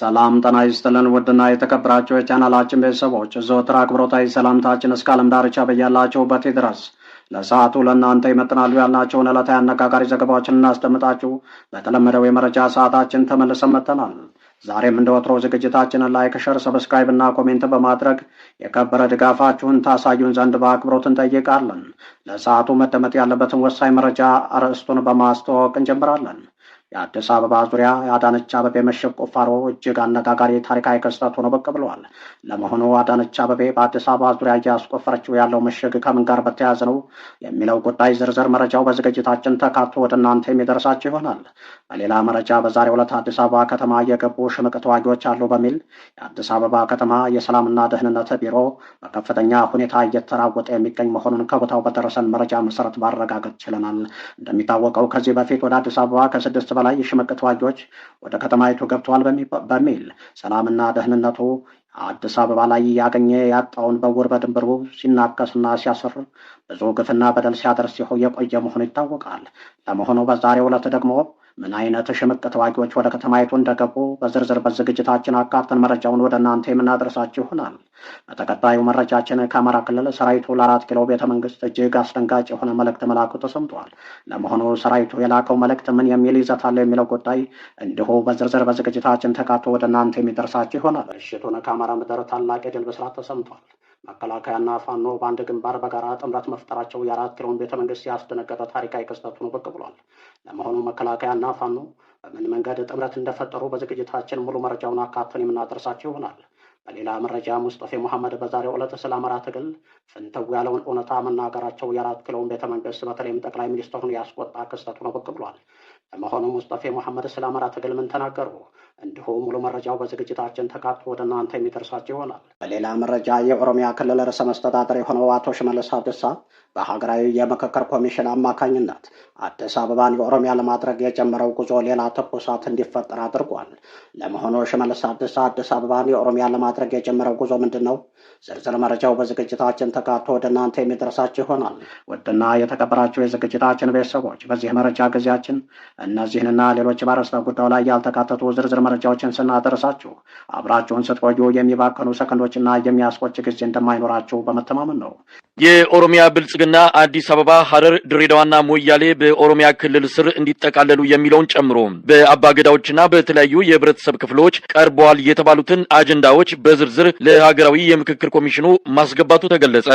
ሰላም ጠና ይስጥልን ውድና የተከብራቸው የቻናላችን ቤተሰቦች ዘወትር አክብሮታዊ ሰላምታችን እስከ ዓለም ዳርቻ በያላቸውበት ድረስ ለሰዓቱ ለእናንተ ይመጥናሉ ያልናቸውን ዕለታዊ አነጋጋሪ ዘገባዎችን እናስደምጣችሁ በተለመደው የመረጃ ሰዓታችን ተመልሰን መጥተናል። ዛሬም እንደ ወትሮ ዝግጅታችንን ላይክ፣ ሸር፣ ሰብስክራይብ እና ኮሜንት በማድረግ የከበረ ድጋፋችሁን ታሳዩን ዘንድ በአክብሮት እንጠይቃለን። ለሰዓቱ መደመጥ ያለበትን ወሳኝ መረጃ አርዕስቱን በማስተዋወቅ እንጀምራለን። የአዲስ አበባ ዙሪያ የአዳነች አበቤ ምሽግ ቁፋሮ እጅግ አነጋጋሪ ታሪካዊ ክስተት ሆኖ ብቅ ብለዋል። ለመሆኑ አዳነች አበቤ በአዲስ አበባ ዙሪያ እያስቆፈረችው ያለው ምሽግ ከምን ጋር በተያያዘ ነው የሚለው ጉዳይ ዝርዝር መረጃው በዝግጅታችን ተካቶ ወደ እናንተ የሚደርሳቸው ይሆናል። በሌላ መረጃ በዛሬው ዕለት አዲስ አበባ ከተማ የገቡ ሽምቅ ተዋጊዎች አሉ በሚል የአዲስ አበባ ከተማ የሰላምና ደህንነት ቢሮ በከፍተኛ ሁኔታ እየተራወጠ የሚገኝ መሆኑን ከቦታው በደረሰን መረጃ መሰረት ማረጋገጥ ችለናል። እንደሚታወቀው ከዚህ በፊት ወደ አዲስ አበባ ከስድስት በላይ የሽምቅ ተዋጊዎች ወደ ከተማይቱ ገብተዋል በሚል ሰላምና ደህንነቱ አዲስ አበባ ላይ ያገኘ ያጣውን በውር በድንብሩ ሲናከስና ሲያስር ብዙ ግፍና በደል ሲያደርስ ሲሆን የቆየ መሆኑ ይታወቃል። ለመሆኑ በዛሬው ዕለት ደግሞ ምን አይነት ሽምቅ ተዋጊዎች ወደ ከተማይቱ እንደገቡ በዝርዝር በዝግጅታችን አካተን መረጃውን ወደ እናንተ የምናደርሳችሁ ይሆናል። በተከታዩ መረጃችን ከአማራ ክልል ሰራዊቱ ለአራት ኪሎ ቤተ መንግስት እጅግ አስደንጋጭ የሆነ መልእክት መላኩ ተሰምቷል። ለመሆኑ ሰራዊቱ የላከው መልእክት ምን የሚል ይዘት አለው የሚለው ጉዳይ እንዲሁ በዝርዝር በዝግጅታችን ተካቶ ወደ እናንተ የሚደርሳችሁ ይሆናል። ምሽቱን ከአማራ ምድር ታላቅ የድል ብስራት ተሰምቷል። መከላከያና ፋኖ በአንድ ግንባር በጋራ ጥምረት መፍጠራቸው የአራት ኪሎን ቤተ መንግስት ያስደነገጠ ታሪካዊ ክስተት ሆኖ ብቅ ብሏል። ለመሆኑ መከላከያና ፋኖ በምን መንገድ ጥምረት እንደፈጠሩ በዝግጅታችን ሙሉ መረጃውን አካተን የምናደርሳቸው ይሆናል። በሌላ መረጃ ሙስጠፌ መሐመድ በዛሬው ዕለት ስለ አማራ ትግል ፍንተው ያለውን እውነታ መናገራቸው የአራት ኪሎውን ቤተ መንግስት በተለይም ጠቅላይ ሚኒስትሩን ያስቆጣ ክስተት ሆኖ ብቅ ብሏል። በመሆኑም ሙስጠፌ መሐመድ ስለ አማራ ትግል ምን ተናገሩ? እንዲሁም ሙሉ መረጃው በዝግጅታችን ተካቶ ወደ እናንተ የሚደርሳቸው ይሆናል። በሌላ መረጃ የኦሮሚያ ክልል ርዕሰ መስተዳደር የሆነው አቶ ሽመልስ አብዲሳ በሀገራዊ የምክክር ኮሚሽን አማካኝነት አዲስ አበባን የኦሮሚያ ለማድረግ የጀመረው ጉዞ ሌላ ትኩሳት እንዲፈጠር አድርጓል። ለመሆኑ ሽመልስ አብዲሳ አዲስ አበባን የኦሮሚያ ለማድረግ የጀመረው ጉዞ ምንድን ነው? ዝርዝር መረጃው በዝግጅታችን ተካቶ ወደ እናንተ የሚደርሳቸው ይሆናል። ውድና የተከበራቸው የዝግጅታችን ቤተሰቦች በዚህ መረጃ ጊዜያችን እነዚህንና ሌሎች በአርዕስተ ጉዳዩ ላይ ያልተካተቱ ዝርዝር መረጃዎችን ስናደርሳችሁ አብራችሁን ስትቆዩ የሚባከኑ ሰከንዶችና የሚያስቆጭ ጊዜ እንደማይኖራችሁ በመተማመን ነው። የኦሮሚያ ብልጽግና አዲስ አበባ፣ ሐረር፣ ድሬዳዋና ሞያሌ በኦሮሚያ ክልል ስር እንዲጠቃለሉ የሚለውን ጨምሮ በአባገዳዎችና በተለያዩ የህብረተሰብ ክፍሎች ቀርበዋል የተባሉትን አጀንዳዎች በዝርዝር ለሀገራዊ የምክክር ኮሚሽኑ ማስገባቱ ተገለጸ።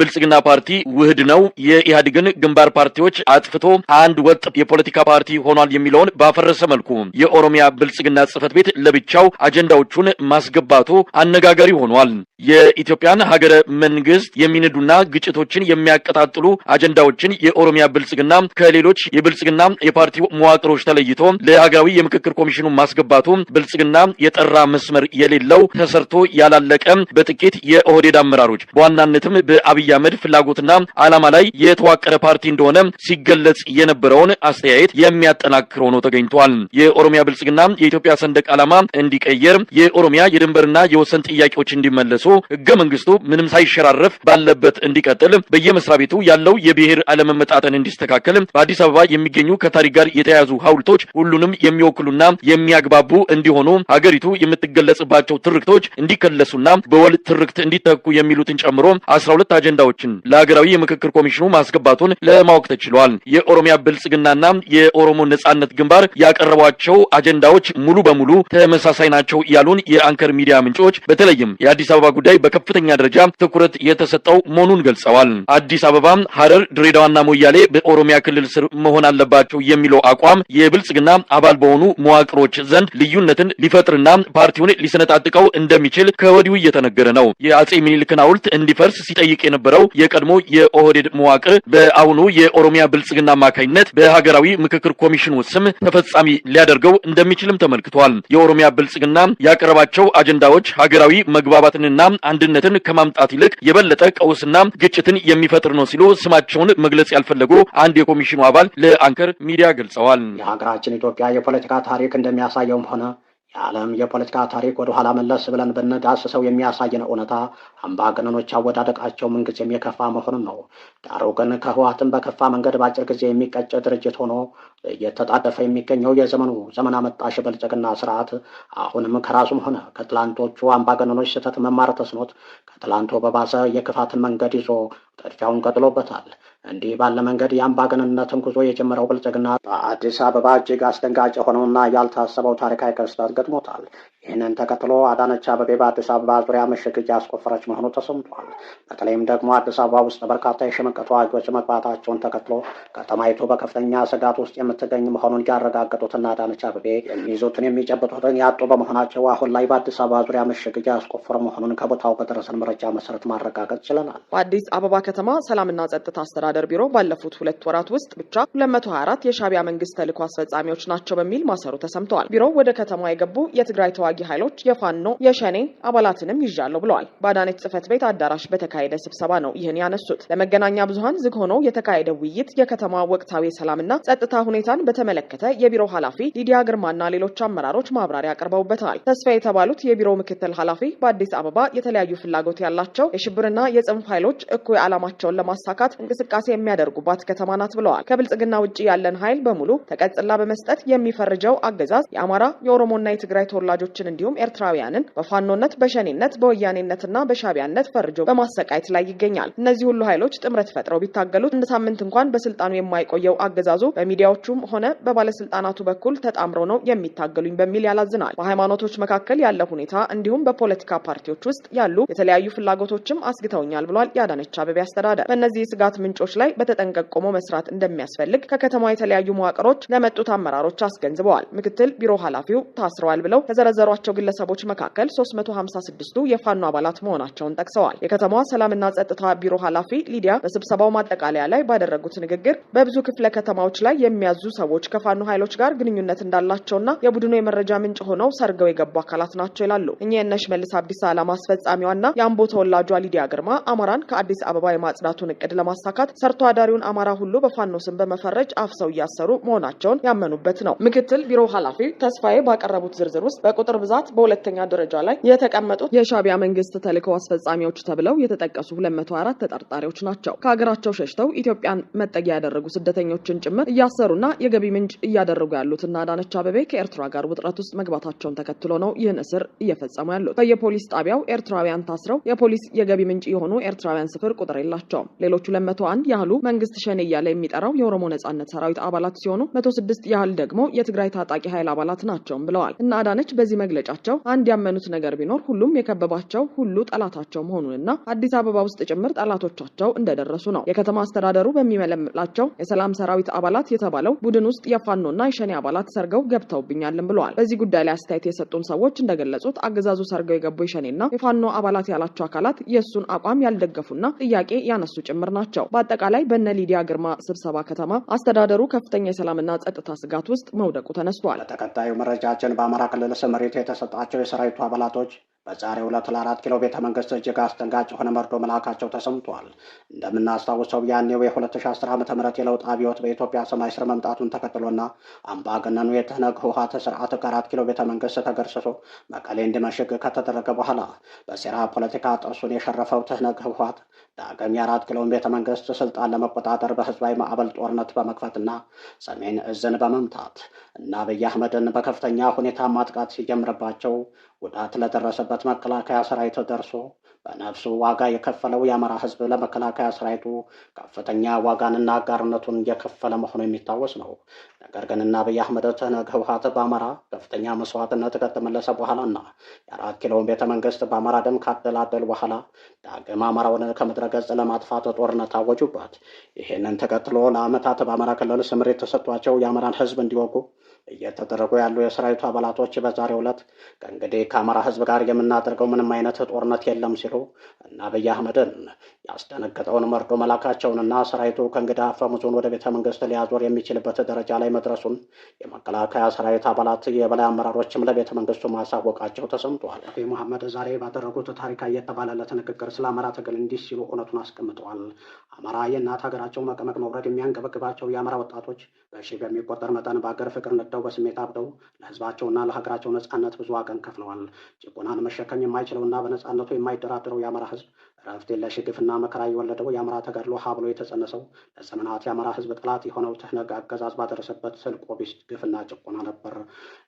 ብልጽግና ፓርቲ ውህድ ነው፣ የኢህአዴግን ግንባር ፓርቲዎች አጥፍቶ አንድ ወጥ የፖለቲካ ፓርቲ ሆኗል የሚለውን ባፈረሰ መልኩ የኦሮሚያ ብልጽግና ጽህፈት ቤት ለብቻው አጀንዳዎቹን ማስገባቱ አነጋጋሪ ሆኗል። የኢትዮጵያን ሀገረ መንግስት የሚንዱና ግጭቶችን የሚያቀጣጥሉ አጀንዳዎችን የኦሮሚያ ብልጽግና ከሌሎች የብልጽግና የፓርቲ መዋቅሮች ተለይቶ ለሀገራዊ የምክክር ኮሚሽኑ ማስገባቱ ብልጽግና የጠራ መስመር የሌለው ተሰርቶ ያላለቀ በጥቂት የኦህዴድ አመራሮች በዋናነትም በአብይ አህመድ ፍላጎትና ዓላማ ላይ የተዋቀረ ፓርቲ እንደሆነ ሲገለጽ የነበረውን አስተያየት የሚያጠናክር ሆኖ ተገኝቷል። የኦሮሚያ ብልጽግና የኢትዮጵያ ሰንደቅ ዓላማ እንዲቀየር፣ የኦሮሚያ የድንበርና የወሰን ጥያቄዎች እንዲመለሱ ህገ መንግስቱ ምንም ሳይሸራረፍ ባለበት እንዲቀጥል በየመስሪያ ቤቱ ያለው የብሔር አለመመጣጠን እንዲስተካከል በአዲስ አበባ የሚገኙ ከታሪክ ጋር የተያያዙ ሐውልቶች ሁሉንም የሚወክሉና የሚያግባቡ እንዲሆኑ ሀገሪቱ የምትገለጽባቸው ትርክቶች እንዲከለሱና በወል ትርክት እንዲተኩ የሚሉትን ጨምሮ አስራ ሁለት አጀንዳዎችን ለሀገራዊ የምክክር ኮሚሽኑ ማስገባቱን ለማወቅ ተችሏል። የኦሮሚያ ብልጽግናና የኦሮሞ ነጻነት ግንባር ያቀረቧቸው አጀንዳዎች ሙሉ በሙሉ ተመሳሳይ ናቸው ያሉን የአንከር ሚዲያ ምንጮች በተለይም የአዲስ አበባ ጉዳይ በከፍተኛ ደረጃ ትኩረት የተሰጠው መሆኑን መሆኑን ገልጸዋል። አዲስ አበባ፣ ሐረር፣ ድሬዳዋና ሞያሌ በኦሮሚያ ክልል ስር መሆን አለባቸው የሚለው አቋም የብልጽግና አባል በሆኑ መዋቅሮች ዘንድ ልዩነትን ሊፈጥርና ፓርቲውን ሊሰነጣጥቀው እንደሚችል ከወዲሁ እየተነገረ ነው። የአጼ ሚኒልክን ሐውልት እንዲፈርስ ሲጠይቅ የነበረው የቀድሞ የኦህዴድ መዋቅር በአሁኑ የኦሮሚያ ብልጽግና አማካኝነት በሀገራዊ ምክክር ኮሚሽኑ ስም ተፈጻሚ ሊያደርገው እንደሚችልም ተመልክቷል። የኦሮሚያ ብልጽግና ያቀረባቸው አጀንዳዎች ሀገራዊ መግባባትንና አንድነትን ከማምጣት ይልቅ የበለጠ ቀውስና ግጭትን የሚፈጥር ነው ሲሉ ስማቸውን መግለጽ ያልፈለጉ አንድ የኮሚሽኑ አባል ለአንከር ሚዲያ ገልጸዋል። የሀገራችን ኢትዮጵያ የፖለቲካ ታሪክ እንደሚያሳየውም ሆነ የዓለም የፖለቲካ ታሪክ ወደ ኋላ መለስ ብለን ብንዳስሰው የሚያሳየን እውነታ አምባገነኖች አወዳደቃቸው ምንጊዜም የከፋ መሆኑን ነው። ዳሩ ግን ከህወሓትም በከፋ መንገድ በአጭር ጊዜ የሚቀጭ ድርጅት ሆኖ እየተጣደፈ የሚገኘው የዘመኑ ዘመን አመጣሽ ብልጽግና ስርዓት አሁንም ከራሱም ሆነ ከትላንቶቹ አምባገነኖች ስህተት መማር ተስኖት ከትላንቶ በባሰ የክፋትን መንገድ ይዞ ጥድፊያውን ቀጥሎበታል። እንዲህ ባለ መንገድ የአምባገንነትን ጉዞ የጀመረው ብልጽግና በአዲስ አበባ እጅግ አስደንጋጭ የሆነውና ያልታሰበው ታሪካዊ ክስተት ገጥሞታል። ይህንን ተከትሎ አዳነች አበቤ በአዲስ አበባ ዙሪያ ምሽግ እያስቆፈረች መሆኑ ተሰምቷል። በተለይም ደግሞ አዲስ አበባ ውስጥ በርካታ የሽምቅ ተዋጊዎች መግባታቸውን ተከትሎ ከተማይቱ በከፍተኛ ስጋት ውስጥ የምትገኝ መሆኑን ያረጋገጡትና አዳነች አበቤ የሚይዙትን የሚጨብጡትን ያጡ በመሆናቸው አሁን ላይ በአዲስ አበባ ዙሪያ ምሽግ ያስቆፈሩ መሆኑን ከቦታው በደረሰን መረጃ መሰረት ማረጋገጥ ችለናል። በአዲስ አበባ ከተማ ሰላምና ጸጥታ አስተዳደር ቢሮ ባለፉት ሁለት ወራት ውስጥ ብቻ 224 የሻቢያ መንግስት ተልዕኮ አስፈጻሚዎች ናቸው በሚል ማሰሩ ተሰምተዋል። ቢሮው ወደ ከተማ የገቡ የትግራይ ተዋጊ ኃይሎች የፋኖ የሸኔ አባላትንም ይዣለሁ ብለዋል። በአዳነች ጽህፈት ቤት አዳራሽ በተካሄደ ስብሰባ ነው ይህን ያነሱት። ለመገናኛ ብዙሀን ዝግ ሆኖ የተካሄደ ውይይት የከተማ ወቅታዊ ሰላምና ጸጥታ ሁኔታን በተመለከተ የቢሮ ኃላፊ ሊዲያ ግርማና ሌሎች አመራሮች ማብራሪያ አቅርበውበታል። ተስፋ የተባሉት የቢሮው ምክትል ኃላፊ በአዲስ አበባ የተለያዩ ፍላጎት ያላቸው የሽብርና የጽንፍ ኃይሎች እኩይ ዓላማቸውን ለማሳካት እንቅስቃሴ የሚያደርጉባት ከተማ ናት ብለዋል። ከብልጽግና ውጭ ያለን ኃይል በሙሉ ተቀጽላ በመስጠት የሚፈርጀው አገዛዝ የአማራ የኦሮሞና የትግራይ ተወላጆችን እንዲሁም ኤርትራውያንን በፋኖነት፣ በሸኔነት፣ በወያኔነትና በሻቢያነት ፈርጆ በማሰቃየት ላይ ይገኛል። እነዚህ ሁሉ ኃይሎች ጥምረት ፈጥረው ቢታገሉት እንደ ሳምንት እንኳን በስልጣኑ የማይቆየው አገዛዙ በሚዲያዎቹም ሆነ በባለስልጣናቱ በኩል ተጣምረው ነው የሚታገሉኝ በሚል ያላዝናል። በሃይማኖቶች መካከል ያለ ሁኔታ እንዲሁም በፖለቲካ ፓርቲዎች ውስጥ ያሉ የተለያዩ ፍላጎቶችም አስግተውኛል ብሏል። ያዳነች አበቤ አካባቢ አስተዳደር በእነዚህ የስጋት ምንጮች ላይ በተጠንቀቅ ቆሞ መስራት እንደሚያስፈልግ ከከተማ የተለያዩ መዋቅሮች ለመጡት አመራሮች አስገንዝበዋል። ምክትል ቢሮ ኃላፊው ታስረዋል ብለው ከዘረዘሯቸው ግለሰቦች መካከል 356ቱ የፋኖ አባላት መሆናቸውን ጠቅሰዋል። የከተማዋ ሰላምና ጸጥታ ቢሮ ኃላፊ ሊዲያ በስብሰባው ማጠቃለያ ላይ ባደረጉት ንግግር በብዙ ክፍለ ከተማዎች ላይ የሚያዙ ሰዎች ከፋኖ ኃይሎች ጋር ግንኙነት እንዳላቸውና የቡድኑ የመረጃ ምንጭ ሆነው ሰርገው የገቡ አካላት ናቸው ይላሉ። እኚህ አዲስ አብዲሳ ዓላማ አስፈጻሚዋና የአምቦ ተወላጇ ሊዲያ ግርማ አማራን ከአዲስ አበባ ማጽዳቱን እቅድ ለማሳካት ሰርቶ አዳሪውን አማራ ሁሉ በፋኖ ስም በመፈረጅ አፍሰው እያሰሩ መሆናቸውን ያመኑበት ነው። ምክትል ቢሮ ኃላፊ ተስፋዬ ባቀረቡት ዝርዝር ውስጥ በቁጥር ብዛት በሁለተኛ ደረጃ ላይ የተቀመጡት የሻቢያ መንግስት ተልእኮ አስፈጻሚዎች ተብለው የተጠቀሱ 204 ተጠርጣሪዎች ናቸው። ከሀገራቸው ሸሽተው ኢትዮጵያን መጠጊያ ያደረጉ ስደተኞችን ጭምር እያሰሩና የገቢ ምንጭ እያደረጉ ያሉትና አዳነች አበቤ ከኤርትራ ጋር ውጥረት ውስጥ መግባታቸውን ተከትሎ ነው ይህን እስር እየፈጸሙ ያሉት። በየፖሊስ ጣቢያው ኤርትራውያን ታስረው የፖሊስ የገቢ ምንጭ የሆኑ ኤርትራውያን ስፍር ቁጥር የላቸውም። ሌሎቹ ለመቶ አንድ ያህሉ መንግስት ሸኔ እያለ የሚጠራው የኦሮሞ ነጻነት ሰራዊት አባላት ሲሆኑ መቶ ስድስት ያህል ደግሞ የትግራይ ታጣቂ ኃይል አባላት ናቸውም ብለዋል። እነ አዳነች በዚህ መግለጫቸው አንድ ያመኑት ነገር ቢኖር ሁሉም የከበባቸው ሁሉ ጠላታቸው መሆኑንና አዲስ አበባ ውስጥ ጭምር ጠላቶቻቸው እንደደረሱ ነው። የከተማ አስተዳደሩ በሚመለምላቸው የሰላም ሰራዊት አባላት የተባለው ቡድን ውስጥ የፋኖና የሸኔ አባላት ሰርገው ገብተውብኛልም ብለዋል። በዚህ ጉዳይ ላይ አስተያየት የሰጡን ሰዎች እንደገለጹት አገዛዙ ሰርገው የገቡ የሸኔና የፋኖ አባላት ያላቸው አካላት የእሱን አቋም ያልደገፉና ጥያቄ ያነሱ ጭምር ናቸው። በአጠቃላይ በነ ሊዲያ ግርማ ስብሰባ ከተማ አስተዳደሩ ከፍተኛ የሰላምና ጸጥታ ስጋት ውስጥ መውደቁ ተነስቷል። ተከታዩ መረጃችን በአማራ ክልል ስምሪት የተሰጣቸው የሰራዊቱ አባላቶች በዛሬው ዕለት ለአራት ኪሎ ቤተ መንግስት እጅግ አስደንጋጭ የሆነ መርዶ መላካቸው ተሰምቷል። እንደምናስታውሰው ያኔው የ2010 ዓ ም የለውጥ አብዮት በኢትዮጵያ ሰማይ ስር መምጣቱን ተከትሎና አምባገነኑ የተነግ ህወሓት ስርዓት ከአራት ኪሎ ቤተ መንግስት ተገርስሶ መቀሌ እንዲመሽግ ከተደረገ በኋላ በሴራ ፖለቲካ ጥርሱን የሸረፈው ትህነግ ህወሓት ዳግም የአራት ኪሎን ቤተ መንግስት ስልጣን ለመቆጣጠር በህዝባዊ ማዕበል ጦርነት በመክፈትና ሰሜን እዝን በመምታት እና አብይ አህመድን በከፍተኛ ሁኔታ ማጥቃት ሲጀምርባቸው ጉዳት ለደረሰበት መከላከያ ሰራዊት ደርሶ በነፍሱ ዋጋ የከፈለው የአማራ ሕዝብ ለመከላከያ ሰራዊቱ ከፍተኛ ዋጋንና አጋርነቱን የከፈለ መሆኑ የሚታወስ ነው። ነገር ግን እና አብይ አህመድ ትህነግ ህውሀት በአማራ ከፍተኛ መስዋዕትነት ከተመለሰ በኋላና የአራት ኪሎን ቤተ መንግስት በአማራ ደም ካደላደል በኋላ ዳግም አማራውን ከምድረ ገጽ ለማጥፋት ጦርነት አወጁባት። ይህንን ተከትሎ ለአመታት በአማራ ክልል ስምሪት ተሰጥቷቸው የአማራን ህዝብ እንዲወጉ እየተደረጉ ያሉ የሰራዊቱ አባላቶች በዛሬው ዕለት ከእንግዲህ ከአማራ ህዝብ ጋር የምናደርገው ምንም አይነት ጦርነት የለም ሲሉ እና አብይ አህመድን ያስደነገጠውን መርዶ መላካቸውንና ሰራዊቱ ከእንግዳ አፈሙዙን ወደ ቤተ መንግስት ሊያዞር የሚችልበት ደረጃ ላይ መድረሱን የመከላከያ ሰራዊት አባላት የበላይ አመራሮችም ለቤተ መንግስቱ ማሳወቃቸው ተሰምተዋል። አቶ መሐመድ ዛሬ ባደረጉት ታሪካዊ የተባለለት ንግግር ስለ አማራ ትግል እንዲህ ሲሉ እውነቱን አስቀምጠዋል። አማራ የእናት ሀገራቸው መቀመቅ መውረድ የሚያንገበግባቸው የአማራ ወጣቶች በሺህ በሚቆጠር መጠን በአገር ፍቅር ነደው በስሜት አብደው ለህዝባቸውና ለሀገራቸው ነጻነት ብዙ ዋጋን ከፍለዋል። ጭቆናን መሸከም የማይችለውና በነጻነቱ የማይደራደረው የአማራ ህዝብ እረፍት የለሽ ግፍና መከራ የወለደው የአማራ ተጋድሎ ሀብሎ የተጸነሰው ለዘመናት የአማራ ሕዝብ ጠላት የሆነው ትህነግ አገዛዝ ባደረሰበት ስልቆ ቢስ ግፍና ጭቆና ነበር።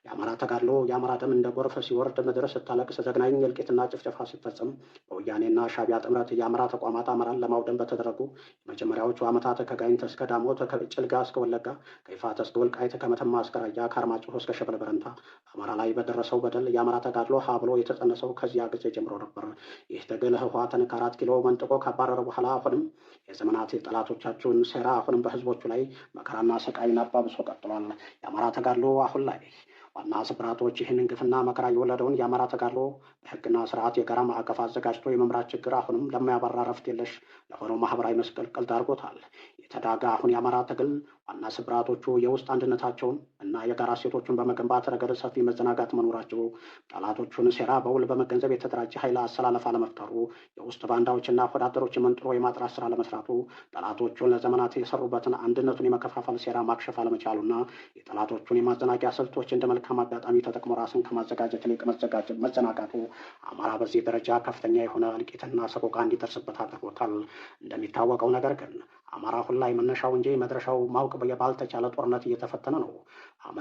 የአማራ ተጋድሎ የአማራ ደም እንደ ጎርፍ ሲወርድ ምድር ስታለቅስ ዘግናኝ እልቂትና ጭፍጨፋ ሲፈጽም በወያኔና ሻቢያ ጥምረት የአማራ ተቋማት አማራን ለማውደም በተደረጉ የመጀመሪያዎቹ ዓመታት ከጋይንት እስከ ዳሞት፣ ከጭልጋ እስከ ወለጋ፣ ከይፋት እስከ ወልቃይት፣ ከመተማ እስከ ራያ፣ ከአርማጭሆ እስከ ሸበል በረንታ አማራ ላይ በደረሰው በደል የአማራ ተጋድሎ ሀብሎ የተጸነሰው ከዚያ ጊዜ ጀምሮ ነበር። ይህ ትግል ህወሓትን ከራ አራት ኪሎ መንጥቆ ካባረረ በኋላ አሁንም የዘመናት ጠላቶቻቸውን ሴራ አሁንም በህዝቦቹ ላይ መከራና ሰቃይን አባብሶ ቀጥሏል። የአማራ ተጋድሎ አሁን ላይ ዋና ስብራቶች ይህንን ግፍና መከራ የወለደውን የአማራ ተጋድሎ በህግና ስርዓት የጋራ ማዕቀፍ አዘጋጅቶ የመምራት ችግር አሁንም ለማያባራ ረፍት የለሽ ለሆነው ማህበራዊ መስቀልቅል ዳርጎታል። የተዳጋ አሁን የአማራ ትግል ዋና ስብራቶቹ የውስጥ አንድነታቸውን እና የጋራ ሴቶቹን በመገንባት ረገድ ሰፊ መዘናጋት መኖራቸው፣ ጠላቶቹን ሴራ በውል በመገንዘብ የተደራጀ ኃይል አሰላለፍ አለመፍጠሩ፣ የውስጥ ባንዳዎችና ወዳደሮች መንጥሮ የማጥራት ስራ ለመስራቱ፣ ጠላቶቹን ለዘመናት የሰሩበትን አንድነቱን የመከፋፈል ሴራ ማክሸፍ አለመቻሉና የጠላቶቹን የማዘናጊያ ስልቶች እንደ መልካም አጋጣሚ ተጠቅሞ ራስን ከማዘጋጀት ይልቅ መዘናጋቱ አማራ በዚህ ደረጃ ከፍተኛ የሆነ እልቂትና ሰቆቃ እንዲደርስበት አድርጎታል። እንደሚታወቀው ነገር ግን አማራ ሁን ላይ መነሻው እንጂ መድረሻው ማወቅ ባልተቻለ ጦርነት እየተፈተነ ነው።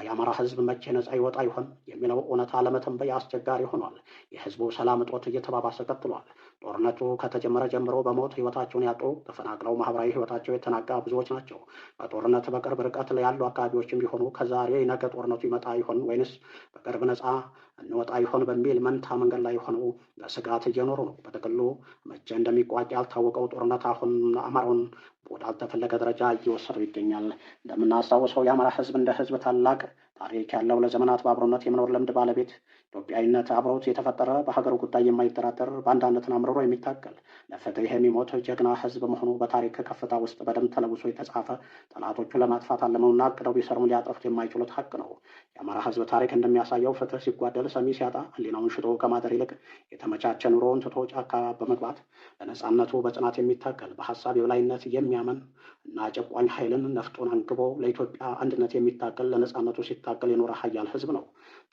የአማራ ህዝብ መቼ ነጻ ይወጣ ይሆን የሚለው እውነታ ለመተንበይ አስቸጋሪ ሆኗል። የህዝቡ ሰላም እጦት እየተባባሰ ቀጥሏል። ጦርነቱ ከተጀመረ ጀምሮ በሞት ህይወታቸውን ያጡ፣ ተፈናቅለው ማህበራዊ ህይወታቸው የተናጋ ብዙዎች ናቸው። በጦርነት በቅርብ ርቀት ያሉ አካባቢዎችም ቢሆኑ ከዛሬ ነገ ጦርነቱ ይመጣ ይሆን ወይንስ በቅርብ ነጻ እንወጣ ይሆን በሚል መንታ መንገድ ላይ የሆነው በስጋት እየኖሩ ነው። በጥቅሉ መቼ እንደሚቋጭ ያልታወቀው ጦርነት አሁን አማራውን ወዳልተፈለገ ደረጃ እየወሰደው ይገኛል። እንደምናስታውሰው የአማራ ህዝብ እንደ ህዝብ ታላቅ ታሪክ ያለው ለዘመናት በአብሮነት የመኖር ልምድ ባለቤት ኢትዮጵያዊነት አብሮት የተፈጠረ በሀገሩ ጉዳይ የማይጠራጠር በአንድነትን አምርሮ የሚታገል ለፍትህ የሚሞት ጀግና ህዝብ መሆኑ በታሪክ ከፍታ ውስጥ በደም ተለውሶ የተጻፈ ጠላቶቹ ለማጥፋት አለመውና አቅደው ቢሰሩም ሊያጠፉት የማይችሉት ሀቅ ነው። የአማራ ህዝብ ታሪክ እንደሚያሳየው ፍትህ ሲጓደል፣ ሰሚ ሲያጣ፣ ህሊናውን ሽጦ ከማደር ይልቅ የተመቻቸ ኑሮውን ትቶ ጫካ በመግባት ለነጻነቱ በጽናት የሚታገል በሀሳብ የበላይነት የሚያምን እና ጨቋኝ ኃይልን ነፍጡን አንግቦ ለኢትዮጵያ አንድነት የሚታገል ለነጻነቱ ሲ ሲታገል የኖረ ሀያል ህዝብ ነው።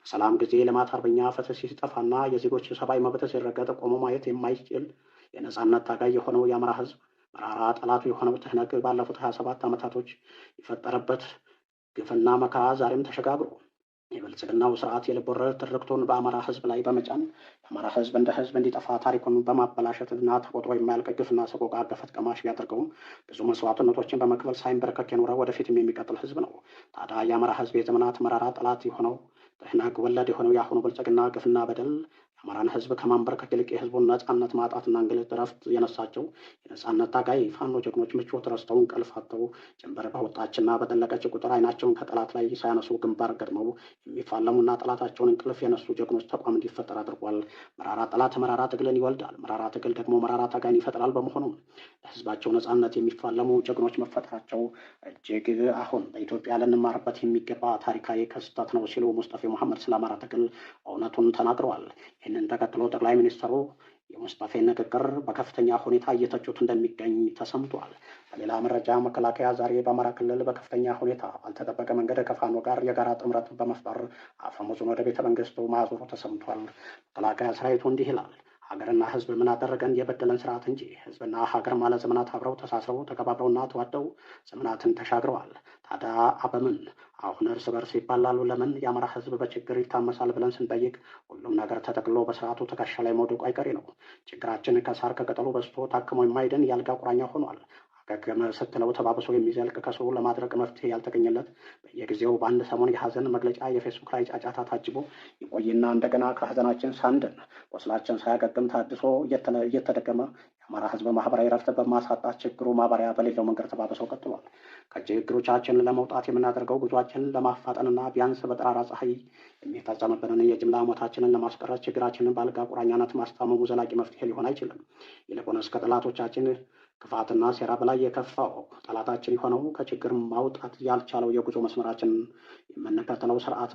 በሰላም ጊዜ ልማት አርበኛ ፍትህ ሲጠፋና የዜጎች ሰብአዊ መብት ሲረገጥ ቆሞ ማየት የማይችል የነጻነት ታጋይ የሆነው የአማራ ህዝብ መራራ ጠላቱ የሆነው ትህነግ ባለፉት ሰባት ዓመታቶች የፈጠረበት ግፍና መከራ ዛሬም ተሸጋግሮ የብልጽግናው ስርዓት የልቦለድ ትርክቱን በአማራ ህዝብ ላይ በመጫን የአማራ ህዝብ እንደ ህዝብ እንዲጠፋ ታሪኩን በማበላሸትና ተቆጥሮ የማያልቅ ግፍና ሰቆቃ ገፈት ቀማሽ ቢያደርገውም ብዙ መስዋዕትነቶችን በመክፈል ሳይንበረከክ የኖረ ወደፊትም የሚቀጥል ህዝብ ነው። ታዲያ የአማራ ህዝብ የዘመናት መራራ ጠላት የሆነው ትሕነግ ወለድ የሆነው የአሁኑ ብልጽግና ግፍና በደል አማራን ህዝብ ከማንበርከክ ይልቅ የህዝቡን ነጻነት ማጣትና እንግልት ረፍት የነሳቸው የነጻነት ታጋይ ፋኖ ጀግኖች ምቾት ረስተው እንቅልፍ አጥተው ጀንበር በወጣችና በጠለቀች ቁጥር አይናቸውን ከጠላት ላይ ሳያነሱ ግንባር ገጥመው የሚፋለሙና ጠላታቸውን እንቅልፍ የነሱ ጀግኖች ተቋም እንዲፈጠር አድርጓል። መራራ ጠላት መራራ ትግልን ይወልዳል። መራራ ትግል ደግሞ መራራ ታጋይን ይፈጥራል። በመሆኑ ለህዝባቸው ነጻነት የሚፋለሙ ጀግኖች መፈጠራቸው እጅግ አሁን በኢትዮጵያ ልንማርበት የሚገባ ታሪካዊ ክስተት ነው ሲሉ ሙስጠፌ መሐመድ ስለ አማራ ትግል እውነቱን ተናግረዋል። ይህንን ተከትሎ ጠቅላይ ሚኒስትሩ የሙስጠፌን ንግግር በከፍተኛ ሁኔታ እየተቹት እንደሚገኝ ተሰምቷል። በሌላ መረጃ መከላከያ ዛሬ በአማራ ክልል በከፍተኛ ሁኔታ ባልተጠበቀ መንገድ ከፋኖ ጋር የጋራ ጥምረት በመፍጠር አፈሙዙን ወደ ቤተ መንግስቱ ማዞሩ ተሰምቷል። መከላከያ ሰራዊቱ እንዲህ ይላል። ሀገርና ህዝብ ምን አደረገን የበደለን ስርዓት እንጂ ህዝብና ሀገር ማለ ዘመናት አብረው ተሳስረው ተከባብረውና ተዋደው ዘመናትን ተሻግረዋል። ታዲያ አበምን አሁን እርስ በርስ ይባላሉ። ለምን የአማራ ህዝብ በችግር ይታመሳል ብለን ስንጠይቅ ሁሉም ነገር ተጠቅሎ በስርዓቱ ትከሻ ላይ መውደቁ አይቀሬ ነው። ችግራችን ከሳር ከቅጠሉ በስቶ ታክሞ የማይድን የአልጋ ቁራኛ ሆኗል። አገገመ ስትለው ተባብሶ የሚዘልቅ ከስሩ ለማድረግ መፍትሄ ያልተገኘለት በየጊዜው በአንድ ሰሞን የሀዘን መግለጫ የፌስቡክ ላይ ጫጫታ ታጅቦ ይቆይና እንደገና ከሀዘናችን ሳንድን ቆስላችን ሳያገግም ታድሶ እየተደገመ የአማራ ሕዝብ ማህበራዊ ረፍት በማሳጣት ችግሩ ማባሪያ በሌለው መንገድ ተባብሰው ቀጥሏል። ከችግሮቻችን ለመውጣት የምናደርገው ጉዟችንን ለማፋጠንና ቢያንስ በጠራራ ፀሐይ የሚፈጸምብንን የጅምላ ሞታችንን ለማስቀረት ችግራችንን በአልጋ ቁራኛነት ማስታመሙ ዘላቂ መፍትሄ ሊሆን አይችልም። ይልቁን እስከ ከጠላቶቻችን ክፋትና ሴራ በላይ የከፋው ጠላታችን የሆነው ከችግር ማውጣት ያልቻለው የጉዞ መስመራችን የምንከተለው ስርዓት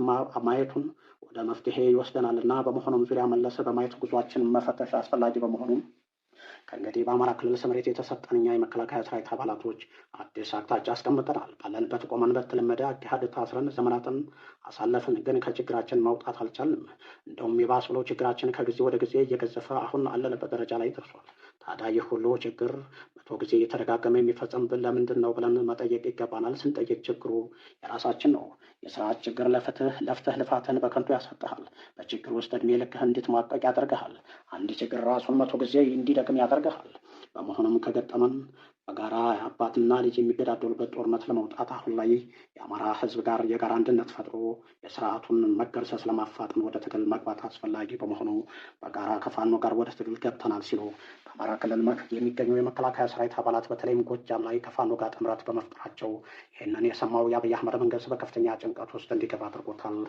ማየቱን ወደ መፍትሄ ይወስደናልና በመሆኑም ዙሪያ መለስ በማየት ጉዟችን መፈተሽ አስፈላጊ በመሆኑ ከእንግዲህ በአማራ ክልል ስምሬት የተሰጠን እኛ የመከላከያ ሰራዊት አባላቶች አዲስ አቅጣጫ አስቀምጠናል። ባለንበት ቆመን በተለመደ አካሄድ ታስረን ዘመናትን አሳለፍን፣ ግን ከችግራችን መውጣት አልቻልም እንደውም የባስ ብሎ ችግራችን ከጊዜ ወደ ጊዜ እየገዘፈ አሁን አለንበት ደረጃ ላይ ደርሷል። ታዲያ ይህ ሁሉ ችግር መቶ ጊዜ እየተደጋገመ የሚፈጸምብን ለምንድን ነው ብለን መጠየቅ ይገባናል። ስንጠይቅ ችግሩ የራሳችን ነው። የስራ ችግር ለፍትህ ለፍትህ ልፋትን በከንቱ ያሰጥሃል። በችግር ውስጥ እድሜ ልክህ እንድትማቀቅ ያደርግሃል። አንድ ችግር ራሱን መቶ ጊዜ እንዲደግም ያደርግሃል። በመሆኑም ከገጠመን በጋራ አባትና ልጅ የሚገዳደሉበት ጦርነት ለመውጣት አሁን ላይ የአማራ ሕዝብ ጋር የጋራ አንድነት ፈጥሮ የስርዓቱን መገርሰስ ለማፋጠን ወደ ትግል መግባት አስፈላጊ በመሆኑ በጋራ ከፋኖ ጋር ወደ ትግል ገብተናል ሲሉ በአማራ ክልል የሚገኙ የመከላከያ ሰራዊት አባላት በተለይም ጎጃም ላይ ከፋኖ ጋር ጥምረት በመፍጠራቸው ይህንን የሰማው የአብይ አህመድ መንግስት በከፍተኛ ጭንቀት ውስጥ እንዲገባ አድርጎታል።